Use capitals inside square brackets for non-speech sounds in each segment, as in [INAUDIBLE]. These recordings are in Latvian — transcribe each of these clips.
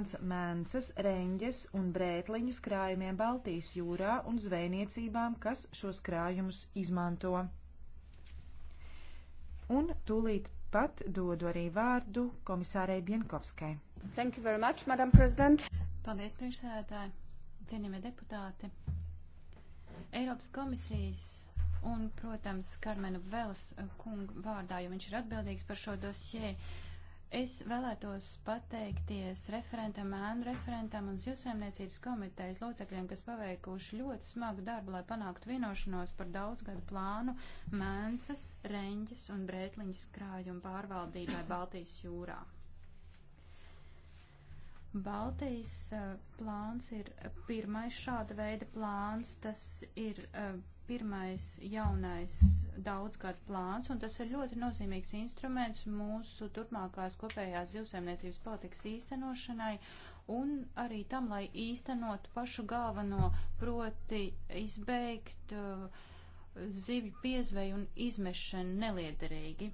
Jordāns, Mēncas, Reņģes un Brētliņas krājumiem Baltijas jūrā un zvejniecībām, kas šos krājumus izmanto. Un tūlīt pat dodu arī vārdu komisārai Bienkovskai. Thank you very much, Madam President. Paldies, priekšsēdētāji, cienījamie deputāti. Eiropas komisijas un, protams, Karmenu Vels kungu vārdā, jo viņš ir atbildīgs par šo dosieru Es vēlētos pateikties referentam, ēnu referentam un zivsaimniecības komitejas locekļiem, kas paveikuši ļoti smagu darbu, lai panāktu vienošanos par daudzgadu plānu mēnces, reņģes un brētliņas krājumu pārvaldībai Baltijas jūrā. Baltijas uh, plāns ir pirmais šāda veida plāns, tas ir uh, pirmais jaunais daudzgad plāns, un tas ir ļoti nozīmīgs instruments mūsu turpmākās kopējās zivsaimniecības politikas īstenošanai un arī tam, lai īstenot pašu galveno, proti izbeigt uh, zivju piezveju un izmešanu neliederīgi.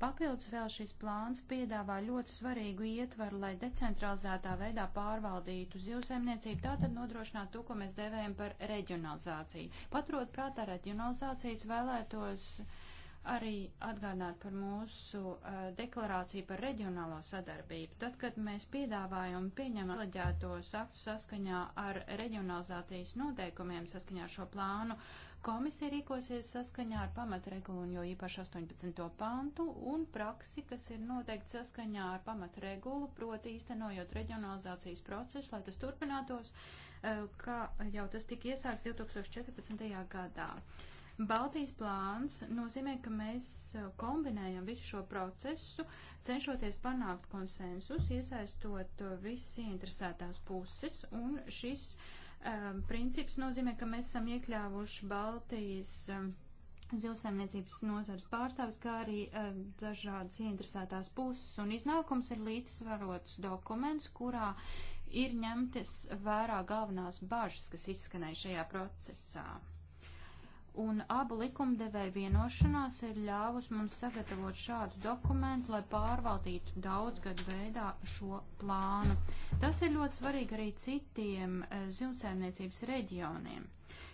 Papildus vēl šis plāns piedāvā ļoti svarīgu ietvaru, lai decentralizētā veidā pārvaldītu zivsaimniecību, tātad nodrošināt to, ko mēs devējam par reģionalizāciju. Paturot prātā reģionalizācijas vēlētos arī atgādināt par mūsu uh, deklarāciju par reģionālo sadarbību. Tad, kad mēs piedāvājam un pieņemam leģētos aktu saskaņā ar reģionalizācijas noteikumiem, saskaņā ar šo plānu, uh, Komisija rīkosies saskaņā ar pamatregulu un jo īpaši 18. pantu un praksi, kas ir noteikti saskaņā ar pamatregulu, proti īstenojot reģionalizācijas procesu, lai tas turpinātos, eh, kā jau tas tika iesāks 2014. gadā. Baltijas plāns nozīmē, ka mēs eh, kombinējam visu šo procesu, cenšoties panākt konsensus, iesaistot eh, visi interesētās puses, un šis uh, um, princips nozīmē, ka mēs esam iekļāvuši Baltijas um, ehm, zilsaimniecības nozars pārstāvis, kā arī um, dažādas ieinteresētās puses, un iznākums ir līdzsvarots dokuments, kurā ir ņemtas vērā galvenās bažas, kas izskanēja šajā procesā un abu likumdevēju vienošanās ir ļāvus mums sagatavot šādu dokumentu, lai pārvaldītu daudzgadu veidā šo plānu. Tas ir ļoti svarīgi arī citiem e, zivsēmniecības reģioniem,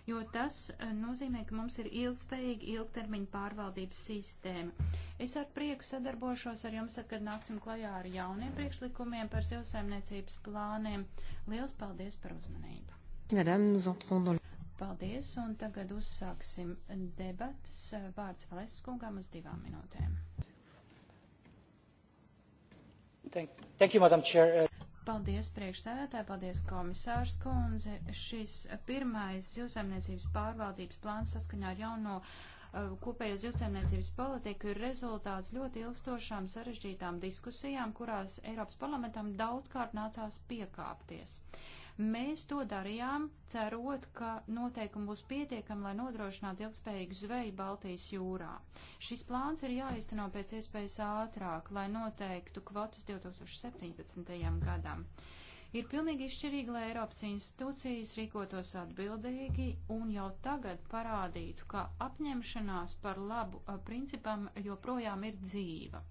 jo tas e, nozīmē, ka mums ir ilgspējīga ilgtermiņa pārvaldības sistēma. Es ar prieku sadarbošos ar jums, tad, kad nāksim klajā ar jauniem priekšlikumiem par zivsēmniecības plāniem. Liels paldies par uzmanību! Madame, nous entrons dans le... Paldies, un tagad uzsāksim debatas. Vārds Valēsas kungām uz divām minūtēm. Thank, thank you, Madam Chair. Uh, paldies priekšsēdētāji, paldies komisārs kundze. Šis pirmais zivsaimniecības pārvaldības plāns saskaņā ar jauno uh, kopējo zivsaimniecības politiku ir rezultāts ļoti ilgstošām sarežģītām diskusijām, kurās Eiropas parlamentam daudzkārt nācās piekāpties. Uh, Mēs to darījām, cerot, ka noteikumi būs pietiekami, lai nodrošinātu ilgspējīgu zveju Baltijas jūrā. Šis plāns ir jāizteno pēc iespējas ātrāk, lai noteiktu kvotus 2017. gadam. Ir pilnīgi izšķirīgi, lai Eiropas institūcijas rīkotos atbildīgi un jau tagad parādītu, ka apņemšanās par labu principam joprojām ir dzīva.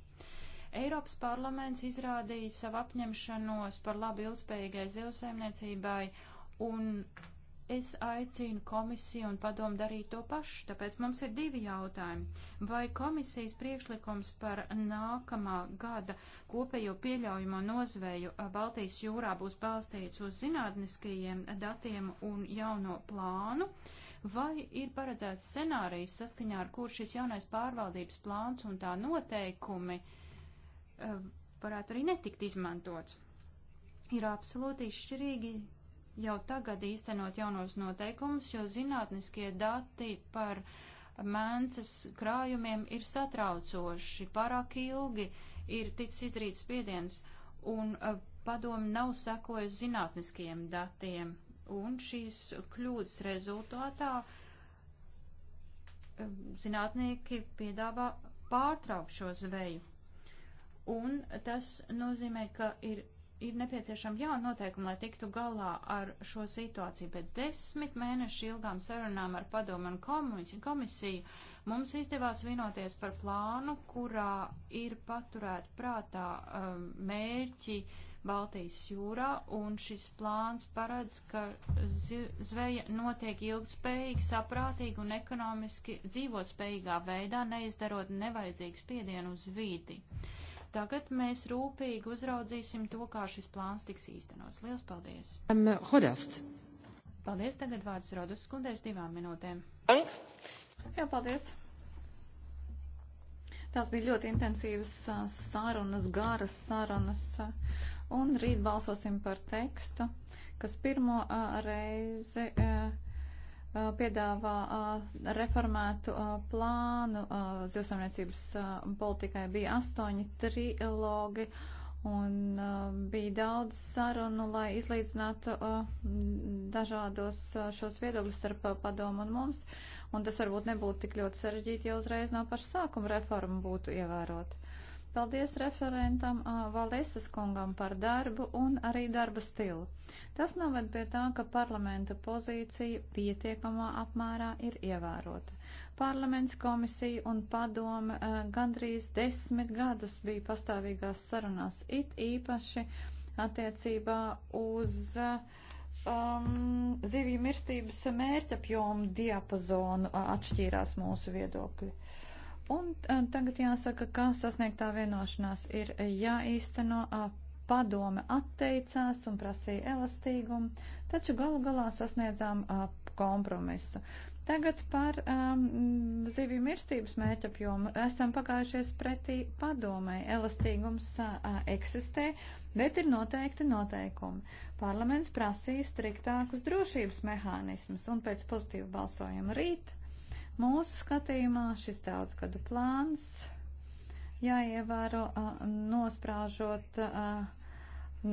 Eiropas parlaments izrādīja savu apņemšanos par labu ilgspējīgai zivsaimniecībai, un es aicinu komisiju un padomu darīt to pašu, tāpēc mums ir divi jautājumi. Vai komisijas priekšlikums par nākamā gada kopējo pieļaujamo nozveju Baltijas jūrā būs balstīts uz zinātniskajiem datiem un jauno plānu? Vai ir paredzēts scenārijs, saskaņā ar kur šis jaunais pārvaldības plāns un tā noteikumi uh, Eh, varētu arī netikt izmantots. Ir absolūti izšķirīgi jau tagad īstenot jaunos noteikumus, jo zinātniskie dati par mēnces krājumiem ir satraucoši, pārāk ilgi ir ticis izdarīts spiediens, un eh, padomi nav sekojusi zinātniskiem datiem. Un šīs kļūdas rezultātā eh, zinātnieki piedāvā pārtraukt šo zveju un tas nozīmē, ka ir, ir nepieciešama jauna noteikuma, lai tiktu galā ar šo situāciju. Pēc desmit mēnešu ilgām sarunām ar padomu un komisiju mums izdevās vienoties par plānu, kurā ir paturēt prātā um, mērķi Baltijas jūrā, un šis plāns paredz, ka zveja notiek ilgspējīgi, saprātīgi un ekonomiski dzīvotspējīgā veidā, neizdarot nevajadzīgu spiedienu uz vīdi. Uh, Tagad mēs rūpīgi uzraudzīsim to, kā šis plāns tiks īstenots. Lielas paldies! Um, hodast. paldies! Tagad vārds Rodus skundēs divām minūtēm. Dank. Jā, paldies! Tās bija ļoti intensīvas sarunas, garas sarunas, un rīt balsosim par tekstu, kas pirmo reizi. Uh, piedāvā reformētu plānu. Zivsamniecības politikai bija astoņi trilogi un bija daudz sarunu, lai izlīdzinātu dažādos šos viedokļus starp padomu un mums. Un tas varbūt nebūtu tik ļoti sarežģīti, ja uzreiz no paša sākuma reforma būtu ievērota. Paldies referentam Valesas kungam par darbu un arī darba stilu. Tas noved pie tā, ka parlamenta pozīcija pietiekamā apmērā ir ievērota. Parlaments, komisija un padome gandrīz desmit gadus bija pastāvīgās sarunās, it īpaši attiecībā uz uh, um, zivju mirstības mērķapjomu diapazonu atšķīrās mūsu viedokļi. Uh, Un eh, tagad jāsaka, ka sasniegtā vienošanās ir jāīsteno. Padome atteicās un prasīja elastīgumu, taču galu galā sasniedzām kompromisu. Tagad par um, zivju mirstības mērķapjomu. Esam pagājušies pretī padomai. Elastīgums uh, eksistē, bet ir noteikti noteikumi. Parlaments prasīja striktākus drošības mehānismus un pēc pozitīvu balsojumu rīt uh, Mūsu skatījumā šis daudzgadu plāns jāievēro nosprāžot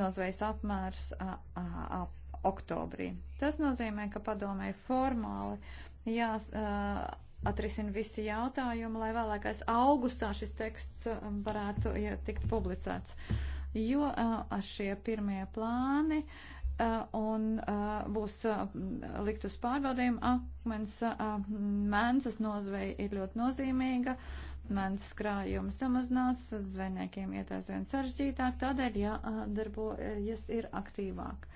nozvejas apmērs ap oktobrī. Tas nozīmē, ka padomē formāli jāatrisina visi jautājumi, lai vēlākais augustā šis teksts varētu ja, tikt publicēts. Jo šie pirmie plāni Eh, un eh, būs eh, likt uz pārbaudījumu. Akmens mēnces nozvei ir ļoti nozīmīga. Mēnces krājums samazinās, zvejniekiem iet aizvien sarežģītāk, tādēļ jādarbojas ir aktīvāk.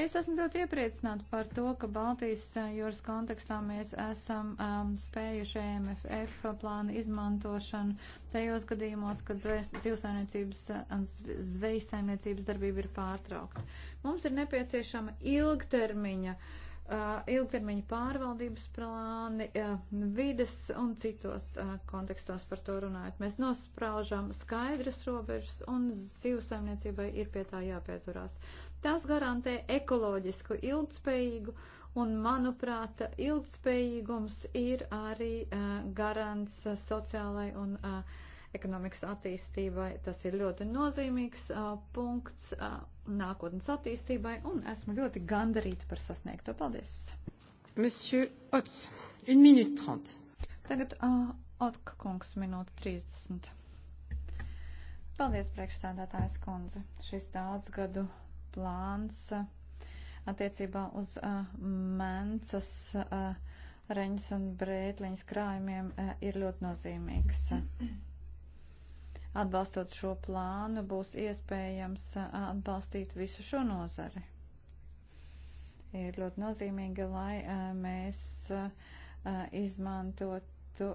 Es esmu ļoti iepriecināta par to, ka Baltijas jūras kontekstā mēs esam um, spējuši MFF plānu izmantošanu tajos gadījumos, kad zivsaimniecības un zvejsaimniecības darbība ir pārtraukta. Mums ir nepieciešama ilgtermiņa. Uh, ilgtermiņa pārvaldības plāni, uh, vides un citos uh, kontekstos par to runājot. Mēs nospraužām skaidras robežas un zivsaimniecībai ir pie tā jāpieturās. Uh, Tas garantē ekoloģisku, ilgspējīgu, un, manuprāt, ilgspējīgums ir arī uh, garants uh, sociālai un uh, ekonomikas attīstībai. Tas ir ļoti nozīmīgs uh, punkts uh, nākotnes attīstībai, un esmu ļoti gandarīta par sasniegto. Paldies! Monsieur Ots, 1 minūte 30. Tagad uh, Otka kungs minūte 30. Paldies, priekšsādātājs kundze. Šis daudz gadu plāns uh, attiecībā uz uh, mencas uh, reņas un brētliņas krājumiem ir ļoti nozīmīgs. Atbalstot šo plānu, būs iespējams atbalstīt visu šo nozari. Ir ļoti nozīmīgi, lai mēs izmantotu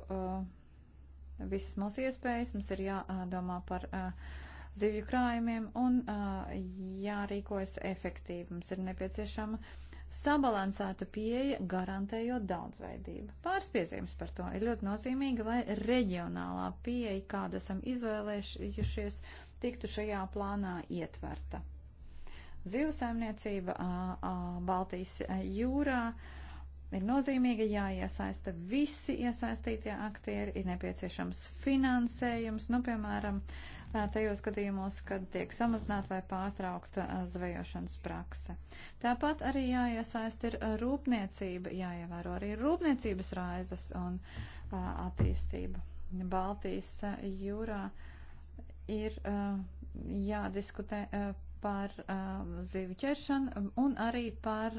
visas mūsu iespējas. Mums ir jādomā par uh, zivju krājumiem un uh, jārīkojas efektīvi. Mums ir nepieciešama sabalansēta pieeja, garantējot daudzveidību. Pāris piezīmes par to ir ļoti nozīmīgi, lai reģionālā pieeja, kādu esam izvēlējušies, tiktu šajā plānā ietverta. Zivsaimniecība Baltijas jūrā ir nozīmīga, jāiesaista visi iesaistītie aktieri, ir nepieciešams finansējums, nu, piemēram, uh, tajos gadījumos, kad tiek samazināta vai pārtraukta zvejošanas prakse. Tāpat arī jāiesaist ir rūpniecība, jāievēro arī rūpniecības raizes un attīstība. Baltijas jūrā ir jādiskutē par zivju ķeršanu un arī par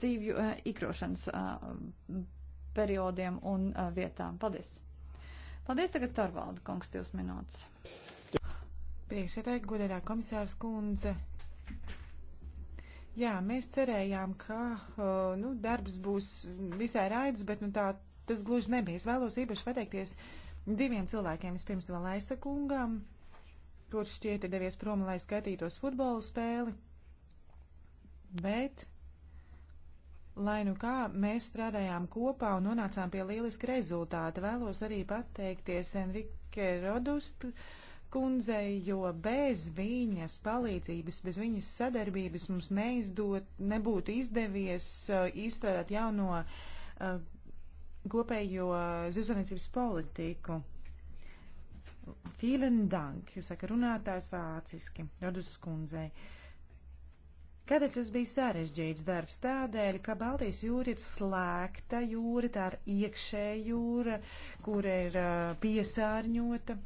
zīvju ikrošanas periodiem un vietām. Paldies! Paldies tagad Torvalda kungs, divas minūtes. Priekšsēdētāji, godētā komisārs kundze. Jā, mēs cerējām, ka uh, nu, darbs būs visai raids, bet nu, tā tas gluži nebija. Es vēlos īpaši pateikties diviem cilvēkiem. Vispirms vēl aizsakungam, kurš šķiet ir devies prom, lai skatītos futbola spēli. Bet Lai nu kā mēs strādājām kopā un nonācām pie lieliska rezultāta, vēlos arī pateikties Enrike Rodust kundzei, jo bez viņas palīdzības, bez viņas sadarbības mums neizdot, nebūtu izdevies uh, izstrādāt jauno uh, kopējo zivsaimniecības politiku. Vielen dank, saka runātājs vāciski, Rodus kundzei. Uh, Kādēļ tas bija sarežģīts darbs? Tādēļ, ka Baltijas jūra ir slēgta jūra, tā ir iekšēja jūra, kur ir uh, piesārņota,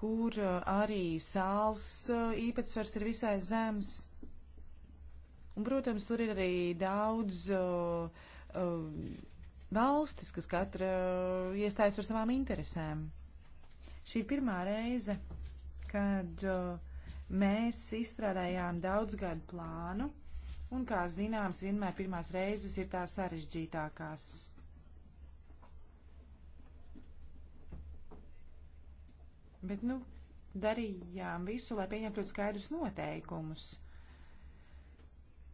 kur uh, arī sāls uh, īpatsvars ir visai zems. Un, protams, tur ir arī daudz uh, uh, valstis, kas katra uh, iestājas par savām interesēm. Šī ir pirmā reize, kad. Uh, Mēs izstrādājām daudzgadu plānu, un, kā zināms, vienmēr pirmās reizes ir tās sarežģītākās. Bet, nu, darījām visu, lai pieņemtu skaidrus noteikumus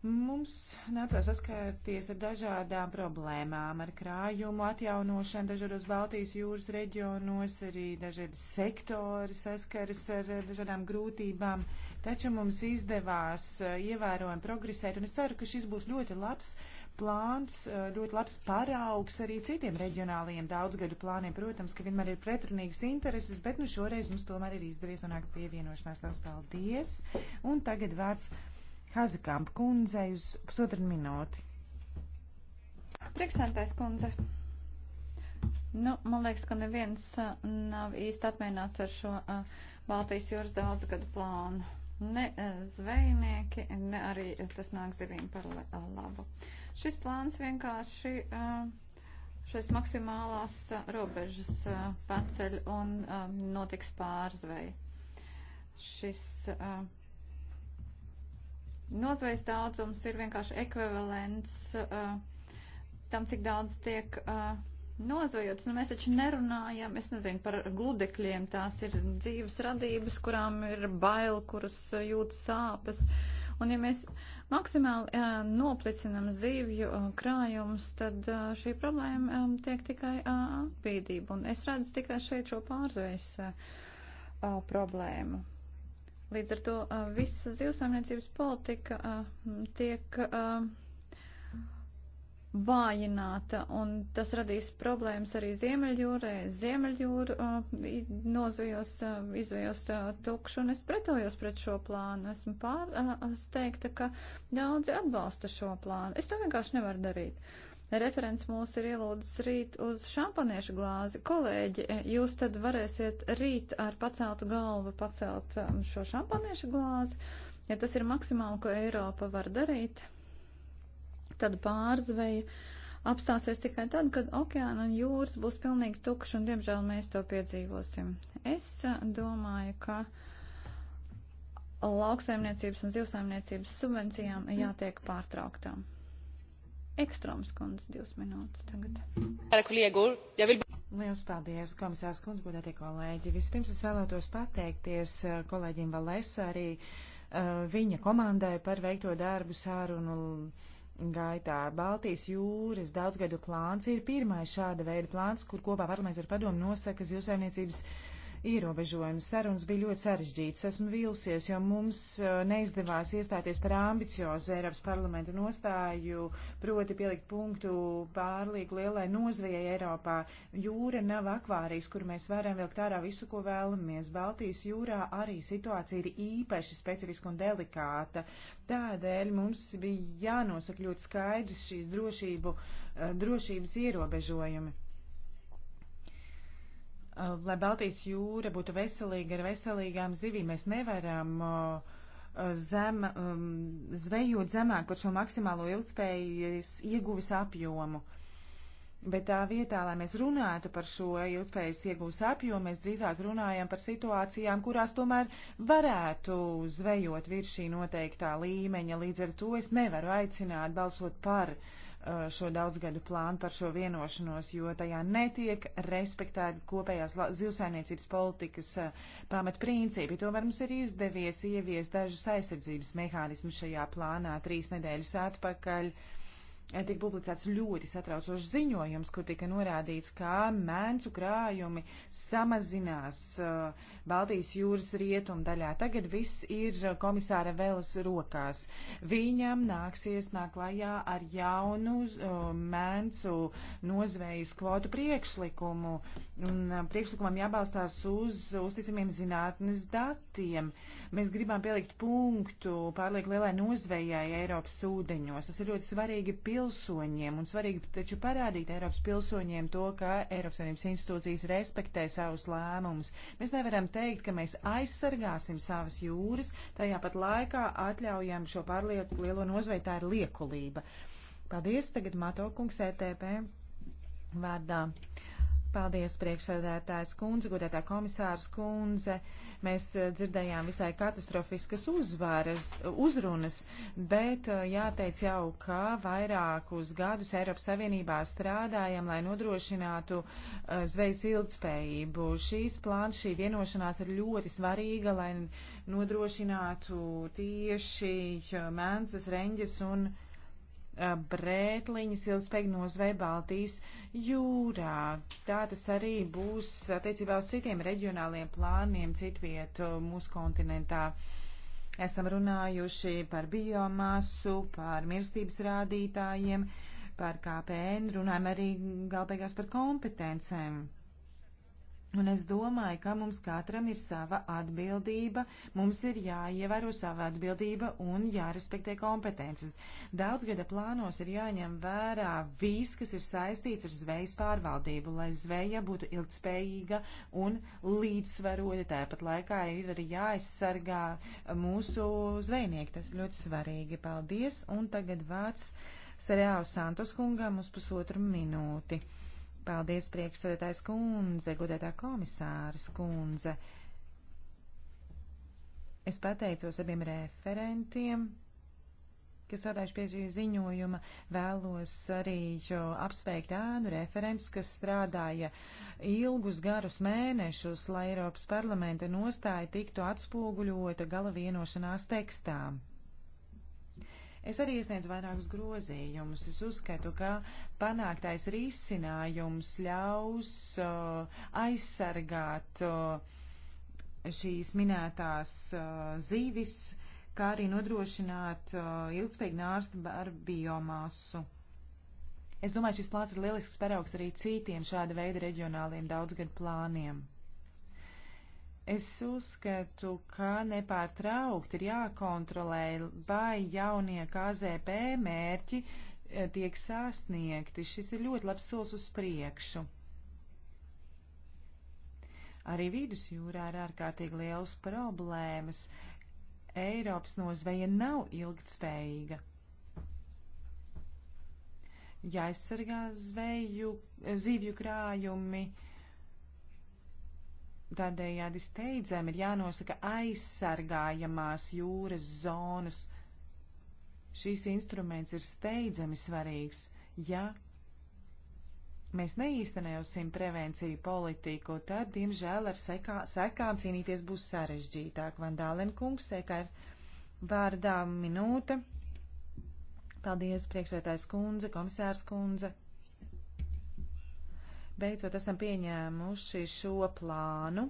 Mums nācās saskarties ar dažādām problēmām, ar krājumu atjaunošanu dažādos Baltijas jūras reģionos, arī dažādi sektori saskaras ar dažādām grūtībām, taču mums izdevās eh, ievērojami progresēt, un es ceru, ka šis būs ļoti labs plāns, eh, ļoti labs paraugs arī citiem reģionālajiem daudzgadu plāniem. Protams, ka vienmēr ir pretrunīgas intereses, bet nu šoreiz mums tomēr ir izdevies nonākt pievienošanās. Tās paldies! Un tagad vārds Hazekamp kundzei uz pusotru minūti. Priekšsēdētājs kundze. Nu, man liekas, ka neviens uh, nav īsti apmierināts ar šo uh, Baltijas jūras daudzgadu plānu. Ne uh, zvejnieki, ne arī tas nāk zivīm par labu. Šis plāns vienkārši šais maksimālās robežas paceļ un notiks pārzvei. Šis Nozvejas daudzums ir vienkārši ekvivalents uh, tam, cik daudz tiek uh, nozvejots. Nu, mēs taču nerunājam, es nezinu, par gludekļiem. Tās ir dzīves radības, kurām ir bail, kuras uh, jūt sāpes. Un ja mēs maksimāli uh, noplicinam zīvju uh, krājumus, tad uh, šī problēma um, tiek tikai uh, atbīdība. Un es redzu tikai šeit šo pārzvejas uh, uh problēmu. Līdz ar to visa zivsaimniecības politika tiek vājināta, un tas radīs problēmas arī Ziemeļjūrē. Ziemeļjūra nozvijos, izvijos tukšu, un es pretojos pret šo plānu. Esmu pārsteigta, ka daudzi atbalsta šo plānu. Es to vienkārši nevaru darīt. Referents mūs ir ielūdzis rīt uz šampaniešu glāzi. Kolēģi, jūs tad varēsiet rīt ar paceltu galvu pacelt um, šo šampaniešu glāzi. Ja tas ir maksimāli, ko Eiropa var darīt, tad pārzveja apstāsies tikai tad, kad okeāna un jūras būs pilnīgi tukši, un diemžēl mēs to piedzīvosim. Es uh, domāju, ka lauksaimniecības un zivsaimniecības subvencijām jātiek pārtrauktām. Ekstroms kundze, divas minūtes tagad. Liels paldies, komisārs kundze, godētie kolēģi. Vispirms es vēlētos pateikties eh, kolēģim Valesa arī uh, viņa komandai par veikto darbu sārunu gaitā. Baltijas jūras daudzgadu plāns ir pirmais šāda veida plāns, kur kopā parlaments ar padomu nosaka zivsaimniecības ierobežojumi. Sarunas bija ļoti sarežģītas. Esmu vīlusies, jo mums eh, neizdevās iestāties par ambiciozu Eiropas parlamenta nostāju, proti pielikt punktu pārlieku lielai nozvijai Eiropā. Jūra nav akvārijas, kur mēs varam vilkt ārā visu, ko vēlamies. Baltijas jūrā arī situācija ir īpaši specifiska un delikāta. Tādēļ mums bija jānosaka ļoti skaidrs šīs drošību, eh, drošības ierobežojumi lai Baltijas jūra būtu veselīga ar veselīgām zivīm, mēs nevaram zem, zvejot zemāk par šo maksimālo ilgspējas ieguvis apjomu. Bet tā vietā, lai mēs runātu par šo ilgspējas iegūs apjomu, mēs drīzāk runājam par situācijām, kurās tomēr varētu zvejot virs šī noteiktā līmeņa. Līdz ar to es nevaru aicināt balsot par uh, Eh, šo daudzgadu plānu par šo vienošanos, jo tajā netiek respektēta kopējās zivsainiecības politikas eh, pamatprincipi. Tomēr mums ir izdevies ievies dažas aizsardzības mehānismus šajā plānā trīs nedēļas atpakaļ. Uh, tika publicēts ļoti satraucošs ziņojums, kur tika norādīts, ka mēncu krājumi samazinās uh, Baltijas jūras rietumdaļā. Tagad viss ir uh, komisāra Vēlas rokās. Viņam nāksies nāk klajā ar jaunu uh, mēncu nozvejas kvotu priekšlikumu. Un priekšlikumam jābalstās uz uzticamiem zinātnes datiem. Mēs gribam pielikt punktu pārlieku lielai nozvejai Eiropas ūdeņos. Tas ir ļoti svarīgi pilsoņiem un svarīgi taču parādīt Eiropas pilsoņiem to, ka Eiropas Savienības institūcijas respektē savus lēmumus. Mēs nevaram teikt, ka mēs aizsargāsim savas jūras, tajā pat laikā atļaujam šo pārlieku lielo nozveju, tā ir liekulība. Paldies, tagad Mato kungs ETP vārdā. Uh, Paldies, priekšsēdētājs kundze, godētā komisārs kundze. Mēs eh, dzirdējām visai katastrofiskas uzvaras, uzrunas, bet eh, jāteic jau, ka vairākus gadus Eiropas Savienībā strādājam, lai nodrošinātu eh, zvejas ilgspējību. Šīs plāns, šī vienošanās ir ļoti svarīga, lai nodrošinātu tieši mēnces, reņģes un. Uh, brētliņas ilgspējīgi nozvei Baltijas jūrā. Tā tas arī būs attiecībā uz citiem reģionāliem plāniem citvietu mūsu kontinentā. Esam runājuši par biomasu, par mirstības rādītājiem, par KPN, runājam arī galbeigās par kompetencēm. Un es domāju, ka mums katram ir sava atbildība, mums ir jāievēro sava atbildība un jārespektē kompetences. Daudzgada plānos ir jāņem vērā viss, kas ir saistīts ar zvejas pārvaldību, lai zveja būtu ilgspējīga un līdzsvarota. Tāpat laikā ir arī jāaizsargā mūsu zvejnieki. Tas ir ļoti svarīgi. Paldies! Un tagad vārds Sarjālu Santos kungam uz pusotru minūti. Paldies, priekšsēdētājs kundze, godētā komisāras kundze. Es pateicos abiem referentiem, kas strādājuši pie šī ziņojuma. Vēlos arī apsveikt ēnu referents, kas strādāja ilgus garus mēnešus, lai Eiropas parlamenta nostāja tiktu atspoguļota gala vienošanās tekstām. Es arī iesniedzu vairākus grozījumus. Es uzskatu, ka panāktais risinājums ļaus uh, aizsargāt uh, šīs minētās uh, zīvis, kā arī nodrošināt uh, ilgspējīgu nārstu ar biomasu. Es domāju, šis plāns ir lielisks paraugs arī citiem šāda veida reģionāliem daudzgadu plāniem. Es uzskatu, ka nepārtraukti ir jākontrolē, vai jaunie KZP mērķi eh, tiek sasniegti. Šis ir ļoti labs solis uz priekšu. Arī vidusjūrā ir ārkārtīgi liels problēmas. Eiropas nozveja nav ilgtspējīga. Jāaizsargā zveju, zivju krājumi. Uh, Tādējādi steidzami ir jānosaka aizsargājamās jūras zonas. Šīs instruments ir steidzami svarīgs, ja mēs neīstenēsim prevenciju politiku, tad, diemžēl, ar sekā, sekām cīnīties būs sarežģītāk. Vandālenkungs, sekā ir vārdā minūte. Paldies, priekšētājs kundze, komisārs kundze. Beidzot, esam pieņēmuši šo plānu.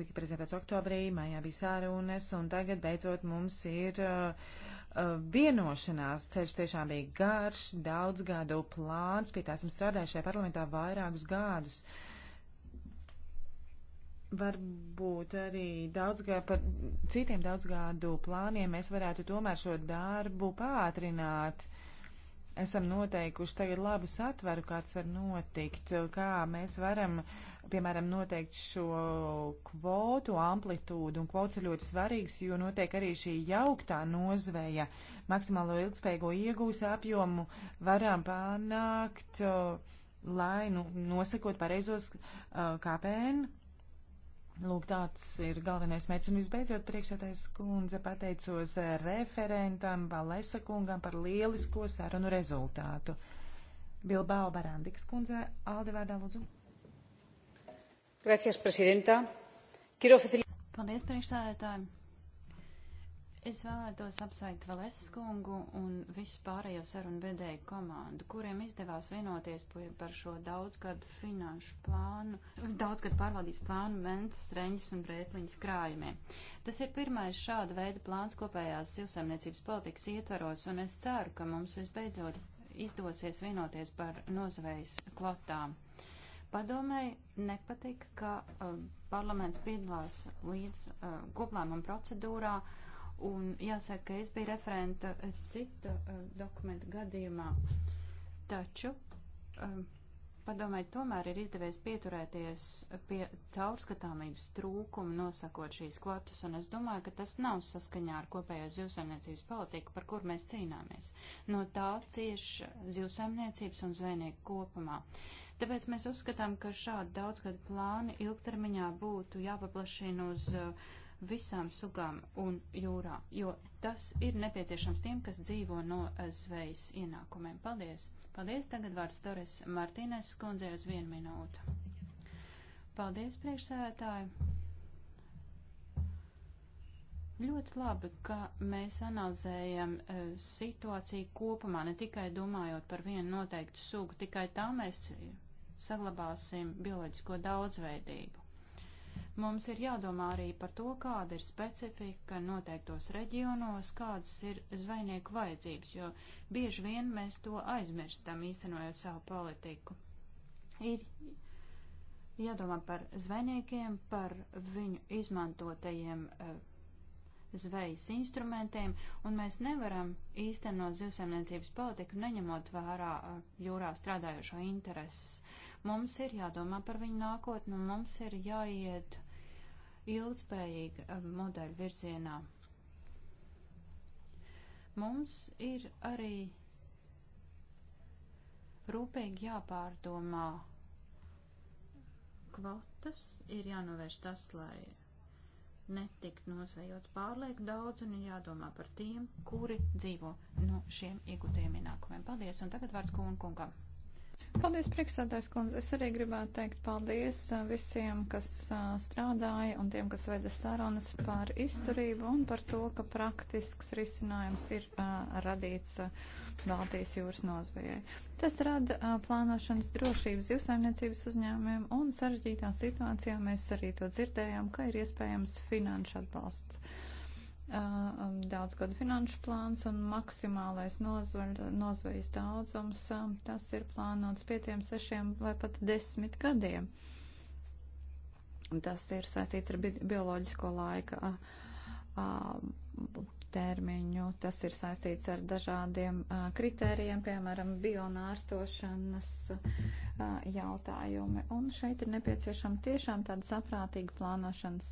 Zika prezentēts oktobrī, maijā bija sārunas, un tagad beidzot mums ir uh, uh, vienošanās. Ceļš tiešām bija garš, daudz gadu plāns, pie tā esam strādājuši šajā parlamentā vairākus gadus. Varbūt arī daudz gā, par citiem daudz gadu plāniem mēs varētu tomēr šo darbu pātrināt. Uh, esam noteikuši tagad labu satveru, kāds var notikt, kā mēs varam, piemēram, noteikt šo kvotu amplitūdu, un kvots ir ļoti svarīgs, jo notiek arī šī jauktā nozveja. Maksimālo ilgspējīgo iegūs apjomu varam panākt, lai nu, nosakot pareizos uh, KPN Lūk, tāds ir galvenais mērķis. Un visbeidzot, priekšētais kundze pateicos referentam Valesa kungam par lielisko sarunu rezultātu. Bilbao Barandikas kundze, Alde vārdā lūdzu. Gracias, prezidenta. Paldies, priekšsēdētāji. Es vēlētos apsveikt Valesas kungu un visus pārējo sarunu vedēju komandu, kuriem izdevās vienoties par šo daudzgadu finanšu plānu, daudzgadu pārvaldības plānu Ventas, Reņas un Brētliņas krājumiem. Tas ir pirmais šāda veida plāns kopējās zivsaimniecības politikas ietvaros, un es ceru, ka mums visbeidzot izdosies vienoties par nozvejas kvotām. Padomēji nepatika, ka uh, parlaments piedalās līdz uh, koplēmuma procedūrā. Uh, Un jāsaka, ka es biju referenta cita uh, dokumenta gadījumā. Taču, um, padomājiet, tomēr ir izdevies pieturēties pie caurskatāmības trūkuma nosakot šīs kvotas, un es domāju, ka tas nav saskaņā ar kopējo zivsaimniecības politiku, par kur mēs cīnāmies. No tā cieš zivsaimniecības un zvejnieku kopumā. Tāpēc mēs uzskatām, ka šādi daudzgadu plāni ilgtermiņā būtu jāpaplašina uz uh, visām sugām un jūrā, jo tas ir nepieciešams tiem, kas dzīvo no eh, zvejas ienākumiem. Paldies! Paldies! Tagad vārds Doris Martīnes skundzē uz vienu minūtu. Paldies, priekšsēdētāji! Ļoti labi, ka mēs analizējam e, situāciju kopumā, ne tikai domājot par vienu noteiktu sugu, tikai tā mēs saglabāsim bioloģisko daudzveidību. Mums ir jādomā arī par to, kāda ir specifika noteiktos reģionos, kādas ir zvejnieku vajadzības, jo bieži vien mēs to aizmirstam īstenojot savu politiku. Ir jādomā par zvejniekiem, par viņu izmantotajiem eh, zvejas instrumentiem, un mēs nevaram īstenot zivsaimniecības politiku, neņemot vērā eh, jūrā strādājošo intereses. Mums ir jādomā par viņu nākotni, un mums ir jāiet ilgspējīga um, modeļa virzienā. Mums ir arī rūpīgi jāpārdomā kvotas, ir jānovērš tas, lai netiktu nozvejots pārlieku daudz un ir jādomā par tiem, kuri dzīvo no šiem iegūtajiem ienākumiem. Paldies, un tagad vārds kūnkungam. Kung Paldies, priekšsādājs kundze. Es arī gribētu teikt paldies visiem, kas strādāja un tiem, kas veda sarunas par izturību un par to, ka praktisks risinājums ir radīts Baltijas jūras nozvejai. Tas rada plānošanas drošības zivsaimniecības uzņēmumiem un sarežģītā situācijā mēs arī to dzirdējām, ka ir iespējams finanšu atbalsts. Um, daudz gadu finanšu plāns un maksimālais nozvar, nozvejas daudzums, tas ir plānots pietiem sešiem vai pat desmit gadiem. Tas ir saistīts ar bi bioloģisko laika a, a, termiņu, tas ir saistīts ar dažādiem a, kritērijiem, piemēram, bionārstošanas. A, jautājumi. Un šeit ir nepieciešama tiešām tāda saprātīga plānošanas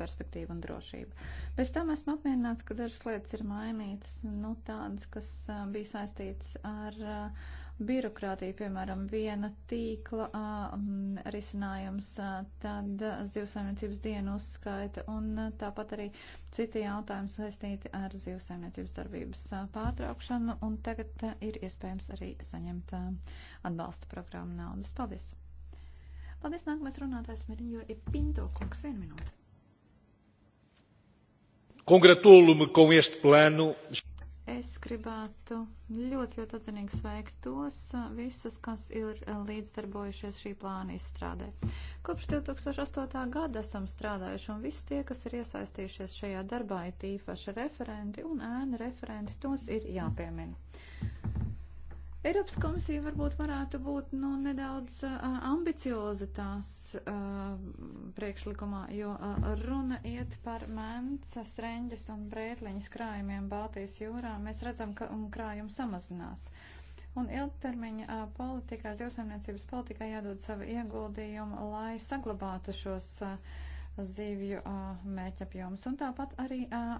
perspektīva un drošība. Pēc tam esmu apmierināts, ka dažas lietas ir mainītas, nu tādas, kas bija saistītas ar birokrātija, piemēram, viena tīkla a, risinājums, a, tad zivsaimniecības dienu uzskaita un a, tāpat arī citi jautājumi saistīti ar zivsaimniecības darbības a, pārtraukšanu. Un tagad a, ir iespējams arī saņemt a, atbalsta programmu naudas. Paldies! Paldies, nākamais runātājs Miriņo ir Pinto kungs. Vienu minūti. Congratulo-me com este plano. Es gribētu ļoti, ļoti atzinīgi sveikt tos visus, kas ir eh, līdzdarbojušies šī plāna izstrādē. Kopš 2008. gada esam strādājuši, un visi tie, kas ir iesaistījušies šajā darbā, ir tīpaši referenti un ēna referenti, tos ir jāpiemina. Eiropas komisija varbūt varētu būt nu, nedaudz uh, ambicioza tās uh, priekšlikumā, jo uh, runa iet par mēncas, reņģes un brētliņas krājumiem Baltijas jūrā. Mēs redzam, ka krājumi samazinās. Un ilgtermiņa uh, politikā, zivsaimniecības politikā jādod savu ieguldījumu, lai saglabātu šos uh, zivju uh, mēķapjomus. Un tāpat arī uh,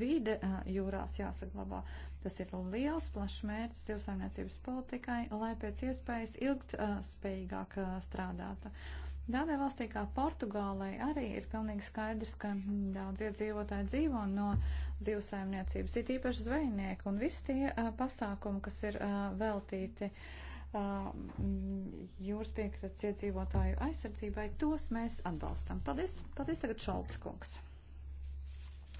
vide jūrās jāsaglabā. Tas ir liels, plašs mērķis zivsaimniecības politikai, lai pēc iespējas ilgtspējīgāk strādātu. Tādai valstī kā Portugālei arī ir pilnīgi skaidrs, ka daudz iedzīvotāji dzīvo no zivsaimniecības, ir īpaši zvejnieki un visi tie a, pasākumi, kas ir a, veltīti a, jūras piekratas iedzīvotāju aizsardzībai, tos mēs atbalstam. Paldies! Paldies tagad Šalts kungs!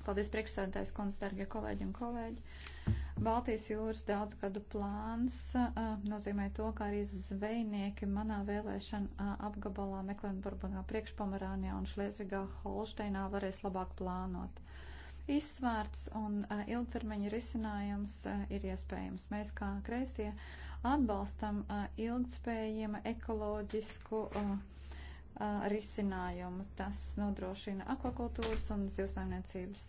Paldies, priekšsēdētājs kundze, dargie kolēģi un kolēģi. Baltijas jūras daudzgadu plāns uh, nozīmē to, ka arī zvejnieki manā vēlēšana uh, apgabalā Meklenburgā, Priekšpomerānijā un Šlēzvigā Holšteinā varēs labāk plānot. Izsvērts un uh, ilgtermiņa risinājums uh, ir iespējams. Mēs kā kreisie atbalstam uh, ilgspējama ekoloģisku. Uh, risinājumu. Tas nodrošina akvakultūras un zivsaimniecības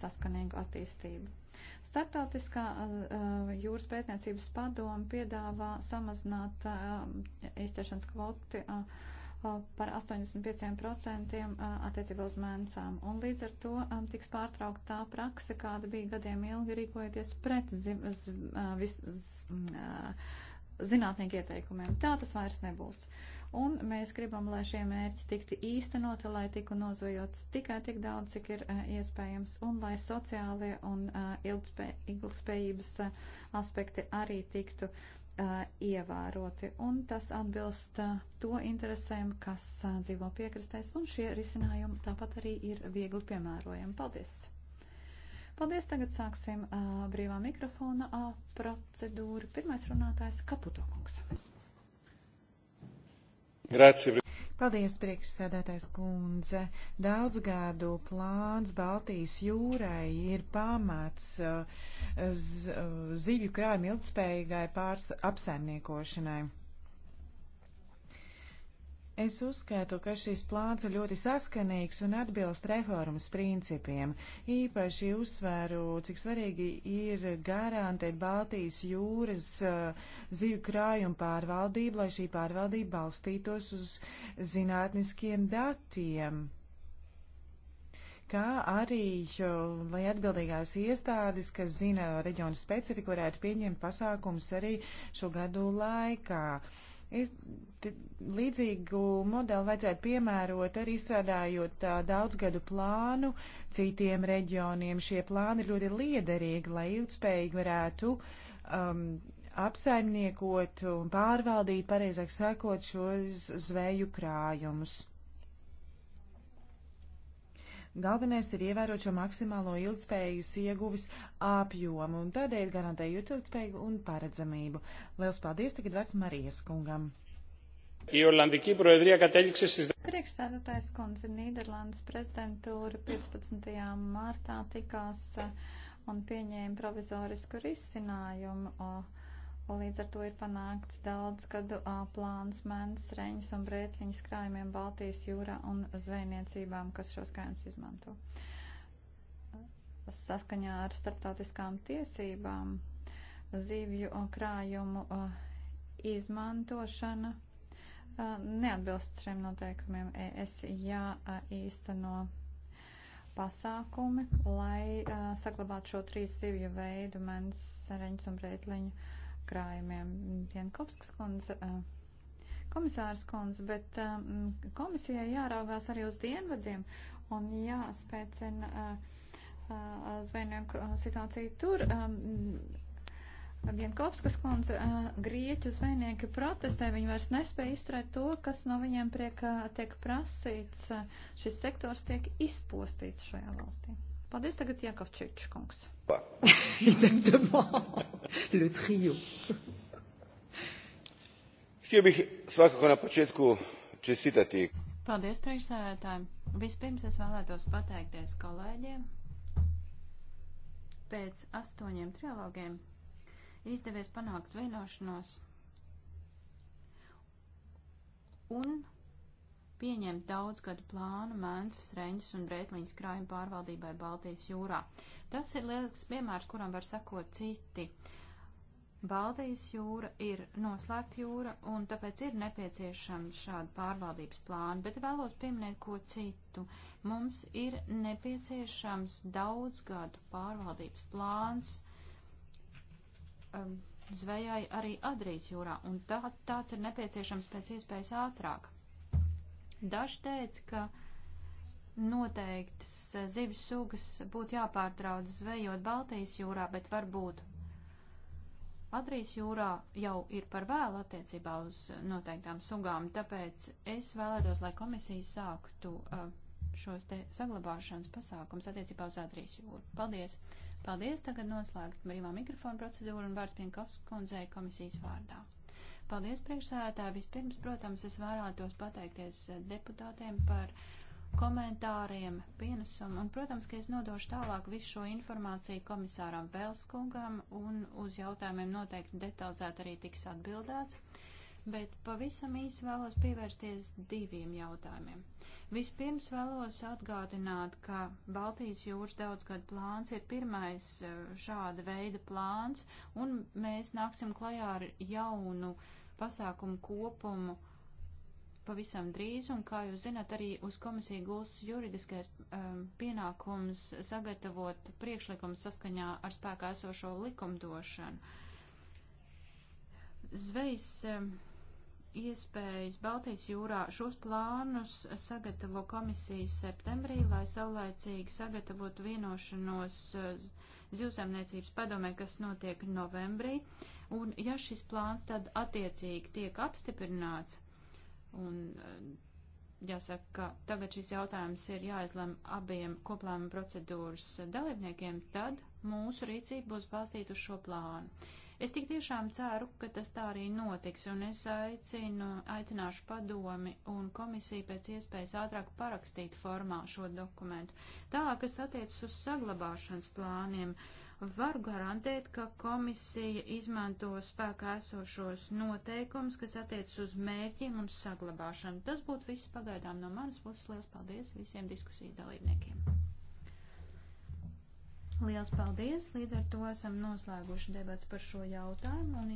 saskanīgu attīstību. Startautiskā jūras pētniecības padoma piedāvā samazināt izķeršanas kvoti par 85% attiecībā uz mēncām. Un līdz ar to tiks pārtraukta tā prakse, kāda bija gadiem ilgi rīkojoties pret zim, z, vis, z, zinātnieku ieteikumiem. Tā tas vairs nebūs. Uh, un mēs gribam, lai šie mērķi tiktu īstenoti, lai tiku nozvejots tikai tik daudz, cik ir eh, iespējams, un lai sociālie un eh, ilgspējības eh, aspekti arī tiktu ievēroti. Un tas atbilst to interesēm, kas dzīvo piekrastēs, un šie risinājumi tāpat arī ir viegli piemērojami. Paldies! Paldies! Tagad sāksim brīvā mikrofona procedūru. Pirmais runātājs Kaputo kungs. Grazie. Paldies, priekšsēdētājs kundze. Daudz gadu plāns Baltijas jūrai ir pamats eh, eh, zivju krājuma ilgspējīgai pārs apsaimniekošanai. Es uzskatu, ka šis plāns ir ļoti saskanīgs un atbilst reformas principiem. Īpaši uzsvēru, cik svarīgi ir garantēt Baltijas jūras uh, zivju krājumu pārvaldību, lai šī pārvaldība balstītos uz zinātniskiem datiem kā arī, lai atbildīgās iestādes, kas zina reģionu specifiku, varētu pieņemt pasākums arī šo gadu laikā. Uh, Es, te, līdzīgu modeli vajadzētu piemērot arī izstrādājot tā, daudzgadu plānu citiem reģioniem. Šie plāni ir ļoti liederīgi, lai ilgspējīgi varētu um, apsaimniekot un pārvaldīt, pareizāk sakot, šos zveju krājumus. Galvenais ir ievērot šo maksimālo ilgspējīgas ieguvis apjomu un tādēļ garantējot ilgspējīgu un paredzamību. Liels paldies tagad vārds Marijas kungam. Priekšsēdētājs kundze Nīderlandes prezidentūra 15. martā tikās un pieņēma provizorisku risinājumu. Uh, Līdz ar to ir panākts daudz gadu plāns mēnes, reņas un brētliņas krājumiem Baltijas jūrā un zvejniecībām, kas šos krājumus izmanto. Saskaņā ar starptautiskām tiesībām zivju krājumu izmantošana neatbilst šiem noteikumiem. Es jāīsteno pasākumi, lai saglabātu šo trīs zivju veidu mēnes, reņas un brētliņu krājumiem. Jankovskas kundze, eh, komisārs kundze, bet eh, komisijai jāraugās arī uz dienvadiem un jāspēcina eh, zvejnieku situāciju tur. Jankovskas um, kundze, grieķu zvejnieki protestē, viņi vairs nespēja izturēt to, kas no viņiem priek, tiek prasīts. Šis sektors tiek izpostīts šajā valstī. Paldies tagad Jakovčičs kungs. Exactement. Le [LAUGHS] trio. Htio bih svakako na početku čestitati. Paldies priekšsēdētājiem. Vispirms es vēlētos pateikties kolēģiem. Pēc astoņiem trilogiem izdevies panākt vienošanos un pieņemt daudzgadu plānu Mēnesas, Reņģis un Brētliņas krājuma pārvaldībai Baltijas jūrā. Tas ir lielisks piemērs, kuram var sakot citi. Baltijas jūra ir noslēgta jūra, un tāpēc ir nepieciešama šāda pārvaldības plāna, bet vēlos pieminēt ko citu. Mums ir nepieciešams daudzgadu pārvaldības plāns. Um, zvejai arī Adrijas jūrā, un tā, tāds ir nepieciešams pēc iespējas ātrāk. Daži teica, ka noteiktas zivs sugas būtu jāpārtrauc zvejot Baltijas jūrā, bet varbūt Adrijas jūrā jau ir par vēlu attiecībā uz noteiktām sugām, tāpēc es vēlētos, lai komisija sāktu uh, šos te saglabāšanas pasākums attiecībā uz Adrijas jūru. Paldies! Paldies! Tagad noslēgt brīvā mikrofona procedūru un vārds Pienkovs kundzei komisijas vārdā. Paldies, priekšsēdētāji. Vispirms, protams, es vēlētos pateikties deputātiem par komentāriem, pienesumu, un, protams, ka es nodošu tālāk visu šo informāciju komisāram Velskungam, un uz jautājumiem noteikti detalizēt arī tiks atbildēts, bet pavisam īsi vēlos pievērsties diviem jautājumiem. Vispirms vēlos atgādināt, ka Baltijas jūras daudzgad plāns ir pirmais eh, šāda veida plāns, un mēs nāksim klajā ar jaunu uh, pasākumu kopumu pavisam drīz, un, kā jūs zināt, arī uz komisiju gūstas juridiskais um, pienākums sagatavot priekšlikumu saskaņā ar spēkā esošo likumdošanu. Zvejas um, iespējas Baltijas jūrā šos plānus sagatavo komisijas septembrī, lai saulēcīgi sagatavotu vienošanos uh, zivsaimniecības padomē, kas notiek novembrī. Uh, Un ja šis plāns tad attiecīgi tiek apstiprināts, un eh, jāsaka, ka tagad šis jautājums ir jāizlem abiem koplēma procedūras dalībniekiem, tad mūsu rīcība būs balstīta uz šo plānu. Es tik tiešām ceru, ka tas tā arī notiks, un es aicinu, aicināšu padomi un komisiju pēc iespējas ātrāk parakstīt formā šo dokumentu. Tā, kas attiecas uz saglabāšanas plāniem. Uh, Varu garantēt, ka komisija izmanto spēkā esošos noteikumus, kas attiec uz mērķiem un saglabāšanu. Tas būtu viss pagaidām no manas puses. Liels paldies visiem diskusiju dalībniekiem. Liels paldies! Līdz ar to esam noslēguši debats par šo jautājumu.